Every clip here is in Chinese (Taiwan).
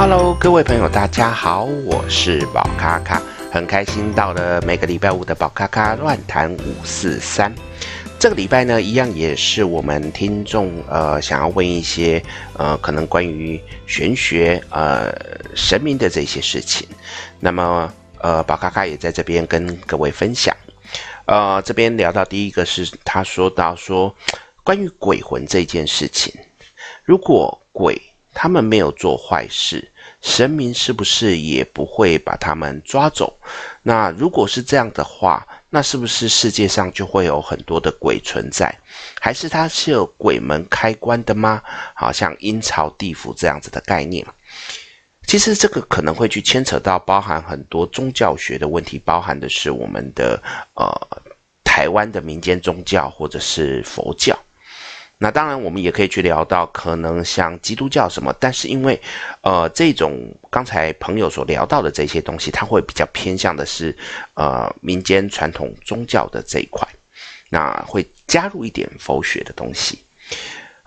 哈嘍，Hello, 各位朋友，大家好，我是寶咖咖，很開心到了每個禮拜五的寶咖咖亂談五四三。這個禮拜呢，一樣也是我們聽眾呃想要問一些呃可能關於玄學呃神明的這些事情，那麼呃寶咖咖也在這邊跟各位分享。呃，這邊聊到第一個是他說到說關於鬼魂這件事情，如果鬼。他們沒有做壞事，神明是不是也不會把他們抓走？那如果是這樣的話，那是不是世界上就會有很多的鬼存在？還是他是有鬼門開關的嗎？好像陰曹地府這樣子的概念，其實這個可能會去牽扯到包含很多宗教學的問題，包含的是我們的呃台灣的民間宗教或者是佛教。那當然，我們也可以去聊到可能像基督教什麼，但是因為，呃，這種剛才朋友所聊到的這些東西，它會比較偏向的是，呃，民間傳統宗教的這一塊，那會加入一點佛學的東西，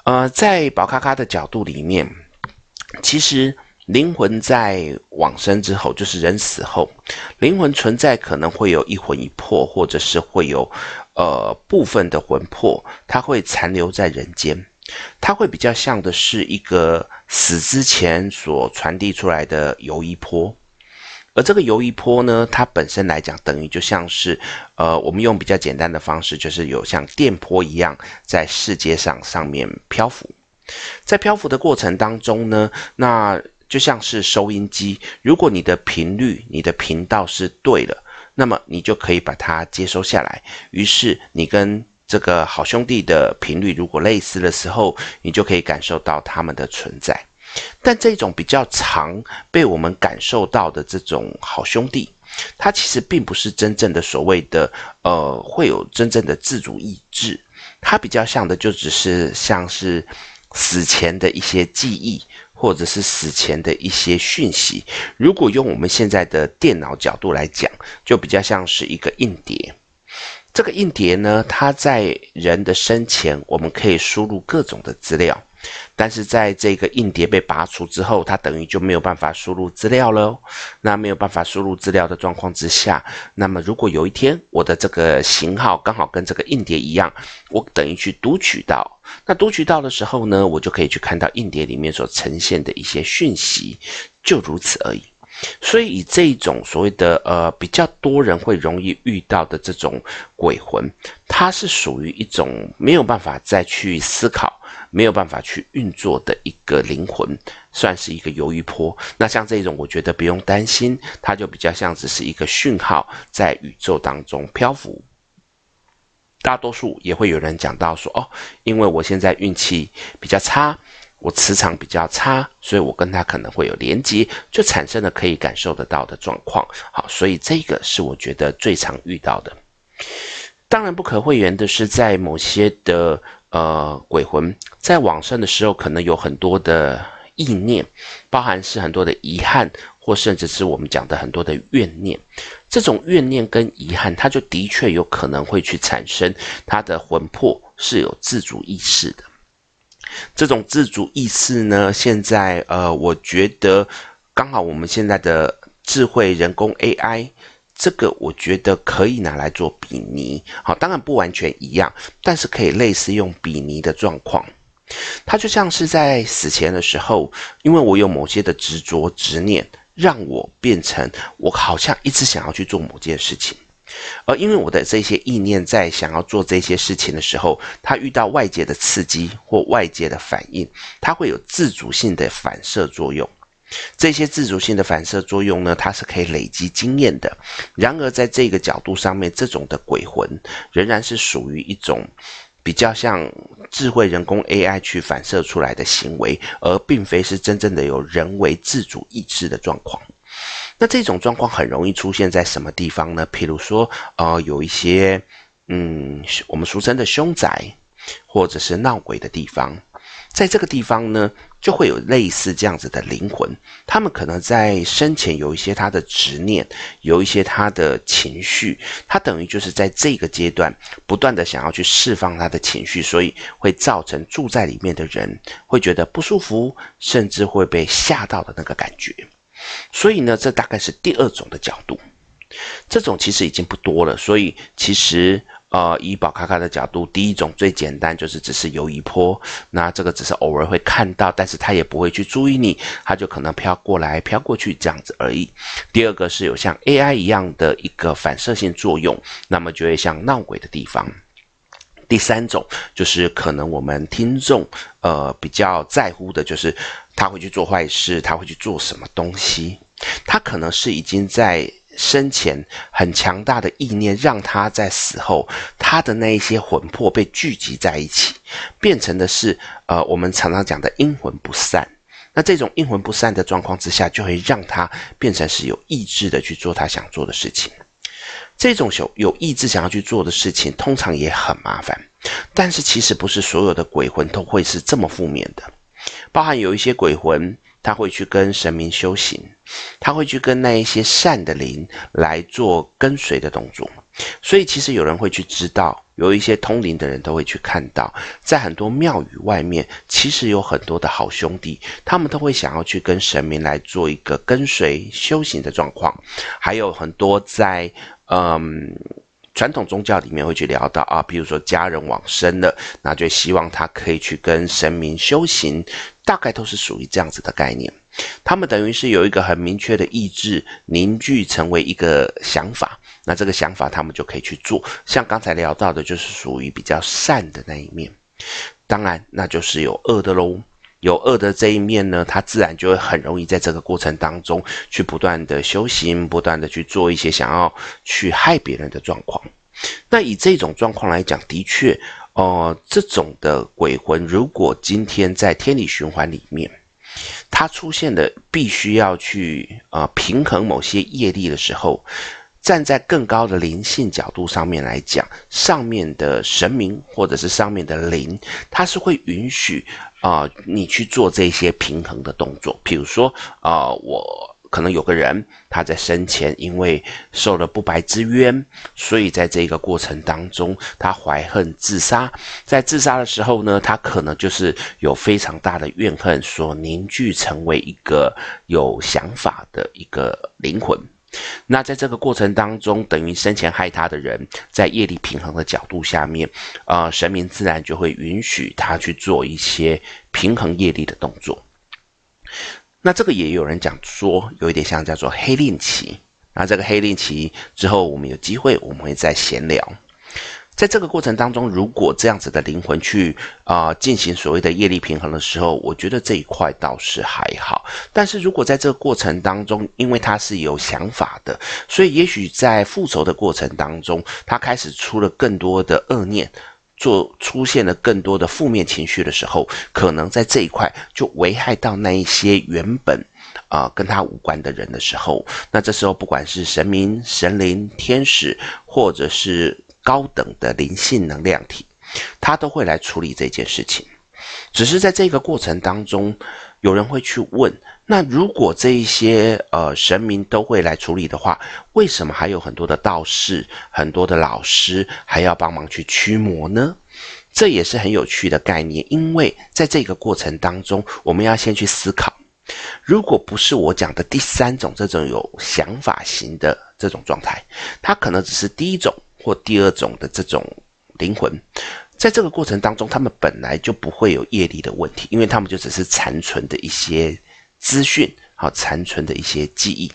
呃，在寶咖咖的角度裡面，其實。靈魂在往生之後，就是人死後，靈魂存在可能會有一魂一魄，或者是會有，呃，部分的魂魄，它會殘留在人間，它會比較像的是一個死之前所傳遞出來的遊移波。而這個遊移波呢，它本身來講等於就像是，呃，我們用比較簡單的方式，就是有像電波一樣在世界上上面漂浮，在漂浮的過程當中呢，那。就像是收音機，如果你的頻率、你的頻道是對的，那麼你就可以把它接收下來。於是你跟這個好兄弟的頻率如果類似的時候，你就可以感受到他們的存在。但這種比較常被我們感受到的這種好兄弟，他其實並不是真正的所謂的，呃，會有真正的自主意志，他比較像的就只是像是。死前的一些記憶，或者是死前的一些訊息，如果用我們現在的電腦角度來講，就比較像是一個硬碟。這個硬碟呢，它在人的生前，我們可以輸入各種的資料。但是在這個硬碟被拔除之後，它等於就沒有辦法輸入資料了。那沒有辦法輸入資料的狀況之下，那麼如果有一天我的這個型號剛好跟這個硬碟一樣，我等於去讀取到，那讀取到的時候呢，我就可以去看到硬碟裡面所呈現的一些訊息，就如此而已。所以以這一種所謂的呃比較多人會容易遇到的這種鬼魂，它是屬於一種沒有辦法再去思考、沒有辦法去運作的一個靈魂，算是一個游魚波。那像這一種，我覺得不用擔心，它就比較像只是一個訊號在宇宙當中漂浮。大多數也會有人講到說，哦，因為我現在運氣比較差。我磁場比較差，所以我跟他可能會有連接，就產生了可以感受得到的狀況。好，所以這個是我覺得最常遇到的。當然不可諱言的是，在某些的呃鬼魂在往生的時候，可能有很多的意念，包含是很多的遺憾，或甚至是我們講的很多的怨念。這種怨念跟遺憾，它就的確有可能會去產生，他的魂魄是有自主意識的。這種自主意識呢，現在呃，我覺得剛好我們現在的智慧人工 AI，這個我覺得可以拿來做比擬，好、哦，當然不完全一樣，但是可以類似用比擬的狀況，它就像是在死前的時候，因為我有某些的執着執念，讓我變成我好像一直想要去做某件事情。而因為我的這些意念在想要做這些事情的時候，它遇到外界的刺激或外界的反應，它會有自主性的反射作用。這些自主性的反射作用呢，它是可以累積經驗的。然而，在這個角度上面，這種的鬼魂仍然是屬於一種比較像智慧人工 AI 去反射出來的行為，而並非是真正的有人為自主意志的狀況。那這種狀況很容易出現在什麼地方呢？譬如說，呃，有一些，嗯，我們俗稱的凶宅，或者是鬧鬼的地方，在這個地方呢，就會有類似這樣子的靈魂，他們可能在生前有一些他的執念，有一些他的情緒，他等於就是在這個階段不斷的想要去釋放他的情緒，所以會造成住在裡面的人會覺得不舒服，甚至會被嚇到的那個感覺。所以呢，這大概是第二種的角度，這種其實已經不多了。所以其實，呃，以寶咖咖的角度，第一種最簡單就是只是遊移飄。那這個只是偶爾會看到，但是他也不會去注意你，他就可能飄過來、飄過去這樣子而已。第二個是有像 AI 一樣的一個反射性作用，那麼就會像鬧鬼的地方。第三種就是可能我們聽眾，呃，比較在乎的就是他會去做壞事，他會去做什麼東西。他可能是已經在生前很強大的意念，讓他在死後他的那一些魂魄被聚集在一起，變成的是呃我們常常講的陰魂不散。那這種陰魂不散的狀況之下，就會讓他變成是有意志的去做他想做的事情。這種有有意志想要去做的事情，通常也很麻煩。但是其實不是所有的鬼魂都會是這麼負面的，包含有一些鬼魂，他會去跟神明修行，他會去跟那一些善的靈來做跟隨的動作。所以其實有人會去知道，有一些通靈的人都會去看到，在很多廟宇外面，其實有很多的好兄弟，他們都會想要去跟神明來做一個跟隨修行的狀況，還有很多在。嗯，傳統宗教裡面會去聊到啊，譬如說家人往生了，那就希望他可以去跟神明修行，大概都是屬於這樣子的概念。他們等於是有一個很明確的意志凝聚成為一個想法，那這個想法他們就可以去做。像剛才聊到的，就是屬於比較善的那一面，當然那就是有惡的嘍。有惡的這一面呢，他自然就會很容易在這個過程當中去不斷的修行，不斷的去做一些想要去害別人的狀況。那以這種狀況來講，的確，呃，這種的鬼魂如果今天在天理循環裡面，它出現的必須要去啊、呃、平衡某些業力的時候。站在更高的靈性角度上面來講，上面的神明或者是上面的靈，它是會允許啊、呃、你去做這些平衡的動作。比如說啊、呃，我可能有個人他在生前因為受了不白之冤，所以在這個過程當中，他懷恨自殺。在自殺的時候呢，他可能就是有非常大的怨恨，所凝聚成為一個有想法的一個靈魂。那在這個過程當中，等於生前害他的人，在業力平衡的角度下面，呃，神明自然就會允許他去做一些平衡業力的動作。那這個也有人講說，有一點像叫做黑令旗。那這個黑令旗之後，我們有機會我們會再閒聊。在這個過程當中，如果這樣子的靈魂去啊，呃，進行所謂的業力平衡的時候，我覺得這一塊倒是還好。但是如果在這個過程當中，因為他是有想法的，所以也許在復仇的過程當中，他開始出了更多的惡念，做出現了更多的負面情緒的時候，可能在這一塊就危害到那一些原本啊，呃，跟他無關的人的時候，那這時候不管是神明、神靈、天使，或者是。高等的靈性能量體，他都會來處理這件事情。只是在這個過程當中，有人會去問：那如果這一些呃神明都會來處理的話，為什麼還有很多的道士、很多的老師還要幫忙去驅魔呢？這也是很有趣的概念。因為在這個過程當中，我們要先去思考：如果不是我講的第三種這種有想法型的這種狀態，它可能只是第一種。或第二種的這種靈魂，在這個過程當中，他們本來就不會有業力的問題，因為他們就只是殘存的一些資訊啊，殘存的一些記憶，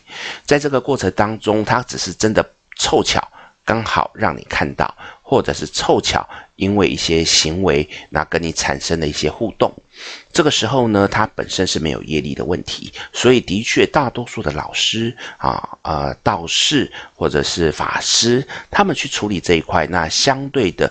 在這個過程當中，他只是真的湊巧。剛好讓你看到，或者是湊巧，因為一些行為，那跟你產生了一些互動，這個時候呢，它本身是沒有業力的問題，所以的確，大多數的老師啊、呃，道士或者是法師，他們去處理這一塊，那相對的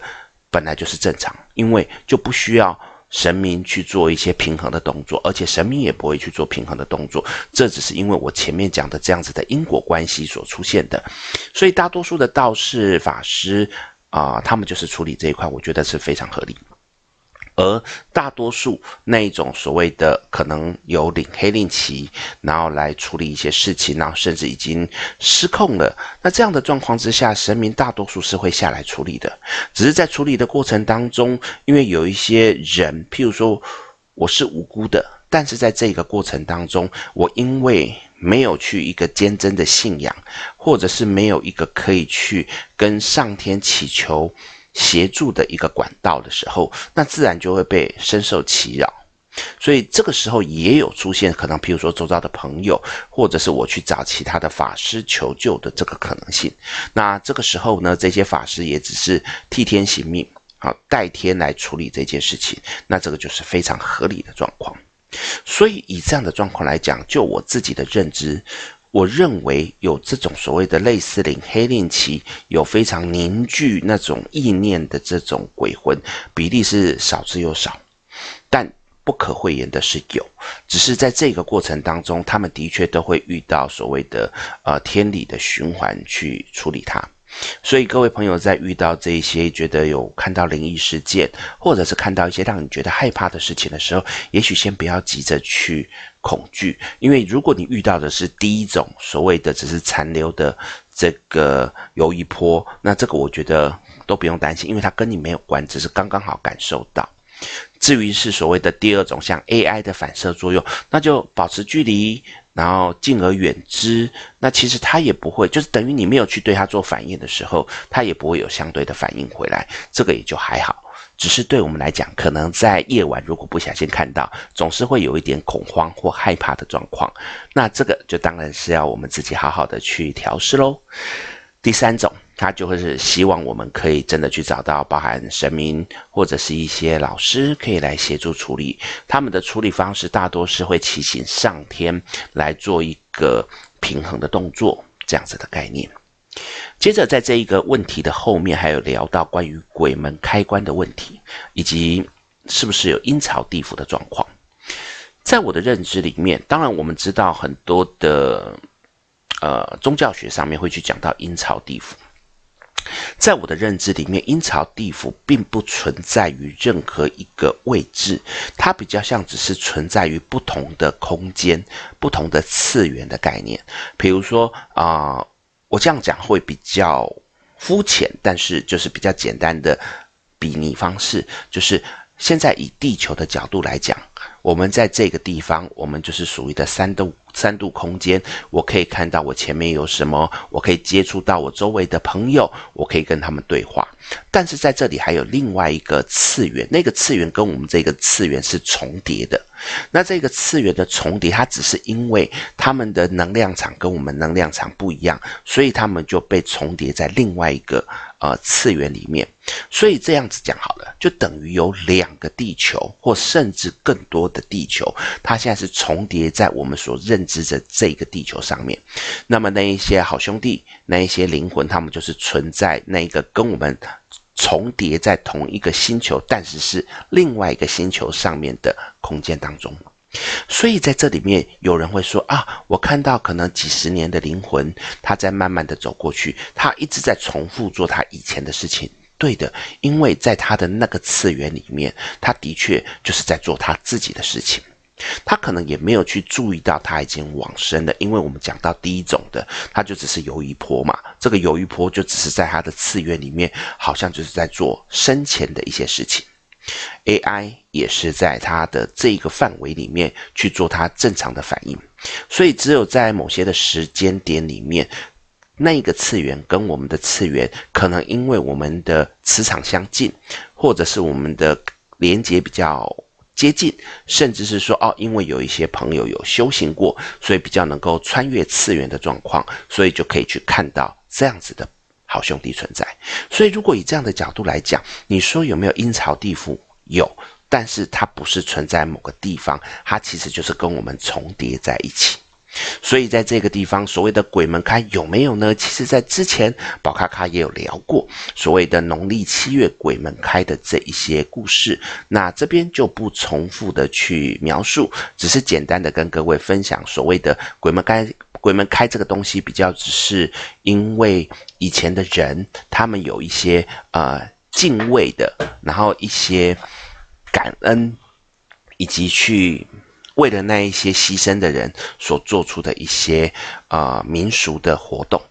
本來就是正常，因為就不需要。神明去做一些平衡的動作，而且神明也不會去做平衡的動作，這只是因為我前面講的這樣子的因果關係所出現的，所以大多數的道士法師啊、呃，他們就是處理這一塊，我覺得是非常合理。而大多數那一種所謂的可能有領黑令旗，然後來處理一些事情，然後甚至已經失控了。那這樣的狀況之下，神明大多數是會下來處理的。只是在處理的過程當中，因為有一些人，譬如說我是無辜的，但是在這個過程當中，我因為沒有去一個堅貞的信仰，或者是沒有一個可以去跟上天祈求。協助的一個管道的時候，那自然就會被深受其擾，所以這個時候也有出現可能，譬如說周遭的朋友，或者是我去找其他的法師求救的這個可能性。那這個時候呢，這些法師也只是替天行命，好代天來處理這件事情，那這個就是非常合理的狀況。所以以這樣的狀況來講，就我自己的認知，我認為有這種所謂的類似靈黑令旗，有非常凝聚那種意念的這種鬼魂，比例是少之又少，但不可諱言的是有，只是在這個過程當中，他們的確都會遇到所謂的呃天理的循環去處理它。所以各位朋友，在遇到這一些覺得有看到靈異事件，或者是看到一些讓你覺得害怕的事情的時候，也許先不要急着去恐懼，因為如果你遇到的是第一種所謂的只是殘留的這個遊移波，那這個我覺得都不用擔心，因為它跟你沒有關，只是剛剛好感受到。至於是所謂的第二種像 AI 的反射作用，那就保持距離，然後敬而遠之。那其實它也不會，就是等於你沒有去對它做反應的時候，它也不會有相對的反應回來。這個也就還好，只是對我們來講，可能在夜晚如果不小心看到，總是會有一點恐慌或害怕的狀況。那這個就當然是要我們自己好好的去調適嘍。第三種。他就會是希望我們可以真的去找到包含神明或者是一些老師可以來協助處理。他們的處理方式大多是會祈請上天來做一個平衡的動作，這樣子的概念。接着，在這一個問題的後面，還有聊到關於鬼門開關的問題，以及是不是有陰曹地府的狀況。在我的認知裡面，當然我們知道很多的呃宗教學上面會去講到陰曹地府。在我的認知裡面，陰曹地府並不存在於任何一個位置，它比較像只是存在於不同的空間、不同的次元的概念。比如說啊、呃，我這樣講會比較膚淺，但是就是比較簡單的比擬方式，就是現在以地球的角度來講，我們在這個地方，我們就是屬於的三五。三度空間，我可以看到我前面有什麼，我可以接觸到我周圍的朋友，我可以跟他們對話。但是在這裡還有另外一個次元，那個次元跟我們這個次元是重疊的。那這個次元的重疊，它只是因為他們的能量場跟我們能量場不一樣，所以他們就被重疊在另外一個呃次元裡面。所以這樣子講好了，就等於有兩個地球，或甚至更多的地球，它現在是重疊在我們所認知的這個地球上面。那麼那一些好兄弟，那一些靈魂，他們就是存在那一個跟我們重疊在同一個星球，但是是另外一個星球上面的空間當中。所以在這裡面，有人會說啊，我看到可能幾十年的靈魂，他在慢慢的走過去，他一直在重複做他以前的事情。對的，因為在他的那個次元裡面，他的確就是在做他自己的事情。他可能也沒有去注意到他已經往生了，因為我們講到第一種的，他就只是遊一波嘛。這個遊一波就只是在他的次元裡面，好像就是在做生前的一些事情。AI 也是在他的這一個範圍裡面去做他正常的反應，所以只有在某些的時間點裡面，那一個次元跟我們的次元，可能因為我們的磁場相近，或者是我們的連接比較。接近，甚至是說哦，因為有一些朋友有修行過，所以比較能夠穿越次元的狀況，所以就可以去看到這樣子的好兄弟存在。所以，如果以這樣的角度來講，你說有沒有陰曹地府？有，但是它不是存在某個地方，它其實就是跟我們重疊在一起。所以，在這個地方所謂的鬼門開有沒有呢？其實，在之前寶咖咖也有聊過所謂的農曆七月鬼門開的這一些故事。那這邊就不重複的去描述，只是簡單的跟各位分享所謂的鬼門開，鬼門開這個東西比較只是因為以前的人他們有一些呃敬畏的，然後一些感恩，以及去。為了那一些犧牲的人所做出的一些，呃，民俗的活動，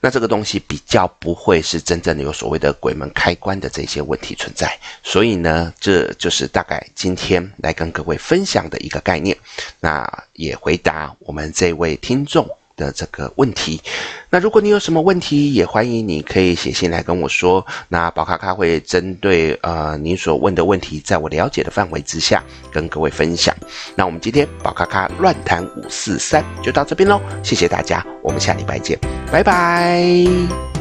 那這個東西比較不會是真正有所謂的鬼門開關的這些問題存在，所以呢，這就是大概今天來跟各位分享的一個概念，那也回答我們這位聽眾的這個問題，那如果你有什麼問題，也歡迎你可以寫信來跟我說。那寶咖咖會針對呃您所問的問題，在我了解的範圍之下，跟各位分享。那我們今天寶咖咖亂談五四三就到這邊嘍，謝謝大家，我們下禮拜見，拜拜。